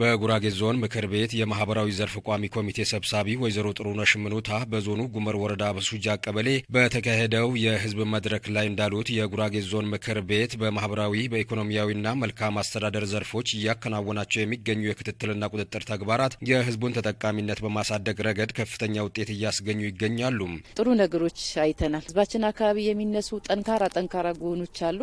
በጉራጌ ዞን ምክር ቤት የማህበራዊ ዘርፍ ቋሚ ኮሚቴ ሰብሳቢ ወይዘሮ ጥሩነሽ ምኑታ በዞኑ ጉመር ወረዳ በሱጃ ቀበሌ በተካሄደው የህዝብ መድረክ ላይ እንዳሉት የጉራጌ ዞን ምክር ቤት በማህበራዊ በኢኮኖሚያዊና መልካም አስተዳደር ዘርፎች እያከናወናቸው የሚገኙ የክትትልና ቁጥጥር ተግባራት የህዝቡን ተጠቃሚነት በማሳደግ ረገድ ከፍተኛ ውጤት እያስገኙ ይገኛሉ። ጥሩ ነገሮች አይተናል። ህዝባችን አካባቢ የሚነሱ ጠንካራ ጠንካራ ጎኖች አሉ።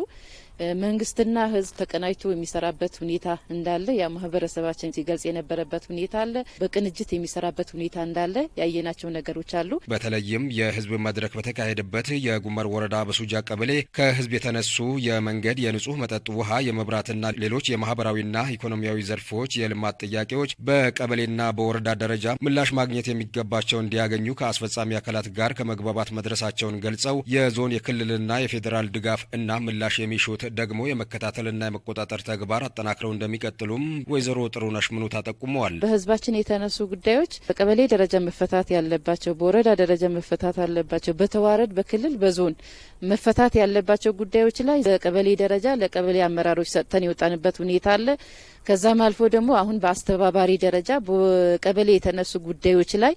መንግስትና ህዝብ ተቀናጅቶ የሚሰራበት ሁኔታ እንዳለ ያ ማህበረሰባችን ሲገልጽ የነበረበት ሁኔታ አለ። በቅንጅት የሚሰራበት ሁኔታ እንዳለ ያየናቸው ነገሮች አሉ። በተለይም የህዝብ መድረክ በተካሄደበት የጉመር ወረዳ በሱጃ ቀበሌ ከህዝብ የተነሱ የመንገድ፣ የንጹህ መጠጥ ውሃ፣ የመብራትና ሌሎች የማህበራዊና ኢኮኖሚያዊ ዘርፎች የልማት ጥያቄዎች በቀበሌና በወረዳ ደረጃ ምላሽ ማግኘት የሚገባቸው እንዲያገኙ ከአስፈጻሚ አካላት ጋር ከመግባባት መድረሳቸውን ገልጸው የዞን የክልልና የፌዴራል ድጋፍ እና ምላሽ የሚሹት ደግሞ የመከታተልና የመቆጣጠር ተግባር አጠናክረው እንደሚቀጥሉም ወይዘሮ ጥሩነሽ ምኑታ ጠቁመዋል። በህዝባችን የተነሱ ጉዳዮች በቀበሌ ደረጃ መፈታት ያለባቸው፣ በወረዳ ደረጃ መፈታት አለባቸው፣ በተዋረድ በክልል በዞን መፈታት ያለባቸው ጉዳዮች ላይ በቀበሌ ደረጃ ለቀበሌ አመራሮች ሰጥተን የወጣንበት ሁኔታ አለ። ከዛም አልፎ ደግሞ አሁን በአስተባባሪ ደረጃ በቀበሌ የተነሱ ጉዳዮች ላይ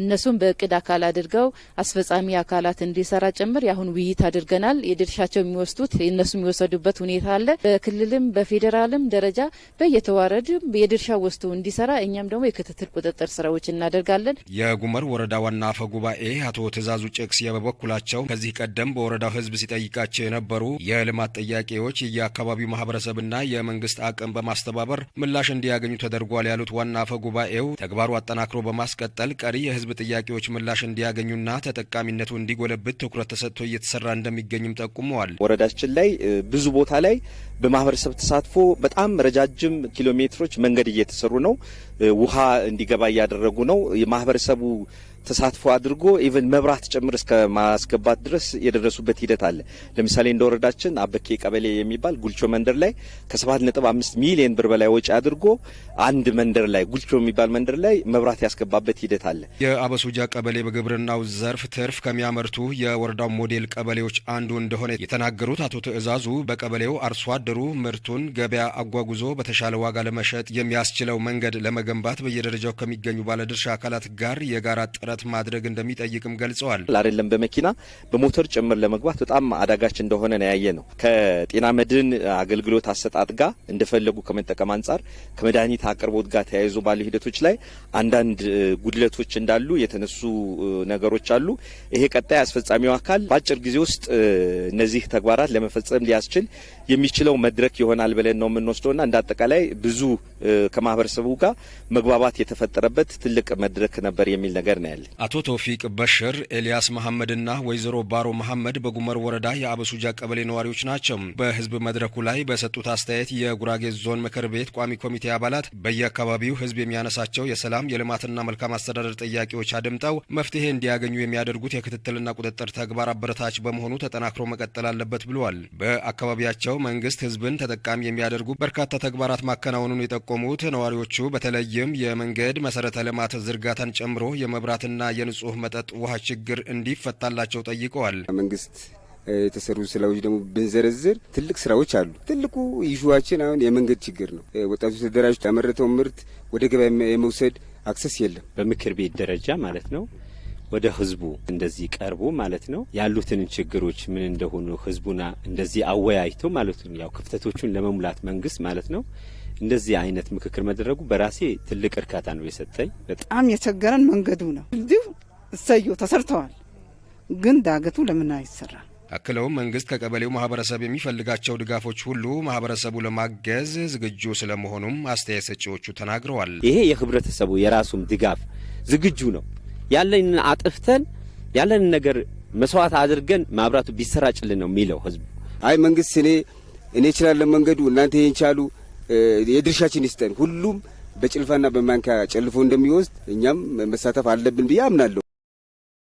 እነሱም በእቅድ አካል አድርገው አስፈጻሚ አካላት እንዲሰራ ጭምር የአሁን ውይይት አድርገናል። የድርሻቸው የሚወስዱት የእነሱ የሚወሰዱ የሚረዱበት ሁኔታ አለ። በክልልም በፌዴራልም ደረጃ በየተዋረድም የድርሻ ወስዶ እንዲሰራ እኛም ደግሞ የክትትል ቁጥጥር ስራዎች እናደርጋለን። የጉመር ወረዳ ዋና አፈ ጉባኤ አቶ ትእዛዙ ጭቅስየ በበኩላቸው ከዚህ ቀደም በወረዳው ህዝብ ሲጠይቃቸው የነበሩ የልማት ጥያቄዎች የአካባቢው ማህበረሰብና የመንግስት አቅም በማስተባበር ምላሽ እንዲያገኙ ተደርጓል ያሉት ዋና አፈ ጉባኤው ተግባሩ አጠናክሮ በማስቀጠል ቀሪ የህዝብ ጥያቄዎች ምላሽ እንዲያገኙና ተጠቃሚነቱ እንዲጎለብት ትኩረት ተሰጥቶ እየተሰራ እንደሚገኝም ጠቁመዋል። ወረዳችን ላይ ብዙ ቦታ ላይ በማህበረሰብ ተሳትፎ በጣም ረጃጅም ኪሎ ሜትሮች መንገድ እየተሰሩ ነው። ውሃ እንዲገባ እያደረጉ ነው። የማህበረሰቡ ተሳትፎ አድርጎ ኢቨን መብራት ጭምር እስከ ማስገባት ድረስ የደረሱበት ሂደት አለ። ለምሳሌ እንደ ወረዳችን አበኬ ቀበሌ የሚባል ጉልቾ መንደር ላይ ከ7.5 ሚሊዮን ብር በላይ ወጪ አድርጎ አንድ መንደር ላይ ጉልቾ የሚባል መንደር ላይ መብራት ያስገባበት ሂደት አለ። የአበሱጃ ቀበሌ በግብርናው ዘርፍ ትርፍ ከሚያመርቱ የወረዳው ሞዴል ቀበሌዎች አንዱ እንደሆነ የተናገሩት አቶ ትዕዛዙ በቀበሌው አርሶ አደሩ ምርቱን ገበያ አጓጉዞ በተሻለ ዋጋ ለመሸጥ የሚያስችለው መንገድ ለመገንባት በየደረጃው ከሚገኙ ባለድርሻ አካላት ጋር የጋራ ጥረት ጥረት ማድረግ እንደሚጠይቅም ገልጸዋል። አይደለም በመኪና በሞተር ጭምር ለመግባት በጣም አዳጋች እንደሆነ ነው ያየ ነው። ከጤና መድን አገልግሎት አሰጣጥ ጋር እንደፈለጉ ከመጠቀም አንጻር ከመድኃኒት አቅርቦት ጋር ተያይዞ ባሉ ሂደቶች ላይ አንዳንድ ጉድለቶች እንዳሉ የተነሱ ነገሮች አሉ። ይሄ ቀጣይ አስፈጻሚው አካል በአጭር ጊዜ ውስጥ እነዚህ ተግባራት ለመፈጸም ሊያስችል የሚችለው መድረክ ይሆናል ብለን ነው የምንወስደውና እንደ አጠቃላይ ብዙ ከማህበረሰቡ ጋር መግባባት የተፈጠረበት ትልቅ መድረክ ነበር የሚል ነገር ነው ያለ። አቶ ተውፊቅ በሽር ኤልያስ መሐመድና ወይዘሮ ባሮ መሐመድ በጉመር ወረዳ የአበሱጃ ቀበሌ ነዋሪዎች ናቸው። በህዝብ መድረኩ ላይ በሰጡት አስተያየት የጉራጌ ዞን ምክር ቤት ቋሚ ኮሚቴ አባላት በየአካባቢው ህዝብ የሚያነሳቸው የሰላም የልማትና መልካም አስተዳደር ጥያቄዎች አድምጠው መፍትሄ እንዲያገኙ የሚያደርጉት የክትትልና ቁጥጥር ተግባር አበረታች በመሆኑ ተጠናክሮ መቀጠል አለበት ብለዋል። በአካባቢያቸው መንግስት ህዝብን ተጠቃሚ የሚያደርጉ በርካታ ተግባራት ማከናወኑን የጠቆሙት ነዋሪዎቹ በተለይም የመንገድ መሰረተ ልማት ዝርጋታን ጨምሮ የመብራት የመብራትና የንጹህ መጠጥ ውሃ ችግር እንዲፈታላቸው ጠይቀዋል። መንግስት የተሰሩ ስራዎች ደግሞ ብንዘረዝር ትልቅ ስራዎች አሉ። ትልቁ ይሹዋችን አሁን የመንገድ ችግር ነው። ወጣቱ ተደራጅ ያመረተውን ምርት ወደ ገበያ የመውሰድ አክሰስ የለም። በምክር ቤት ደረጃ ማለት ነው ወደ ህዝቡ እንደዚህ ቀርቦ ማለት ነው ያሉትን ችግሮች ምን እንደሆኑ ህዝቡና እንደዚህ አወያይቶ ማለት ነው ያው ክፍተቶቹን ለመሙላት መንግስት ማለት ነው እንደዚህ አይነት ምክክር መደረጉ በራሴ ትልቅ እርካታ ነው የሰጠኝ። በጣም የቸገረን መንገዱ ነው። እንዲሁ እሰዮ ተሰርተዋል፣ ግን ዳገቱ ለምን አይሰራ? አክለውም መንግስት ከቀበሌው ማህበረሰብ የሚፈልጋቸው ድጋፎች ሁሉ ማህበረሰቡ ለማገዝ ዝግጁ ስለመሆኑም አስተያየት ሰጪዎቹ ተናግረዋል። ይሄ የህብረተሰቡ የራሱም ድጋፍ ዝግጁ ነው። ያለንን አጥፍተን ያለንን ነገር መስዋዕት አድርገን ማብራቱ ቢሰራጭልን ነው የሚለው ህዝቡ። አይ መንግስት እኔ እኔ እችላለሁ መንገዱ እናንተ ይህን ቻሉ የድርሻችን ይስጠን። ሁሉም በጭልፋና በማንኪያ ጨልፎ እንደሚወስድ እኛም መሳተፍ አለብን ብዬ አምናለሁ።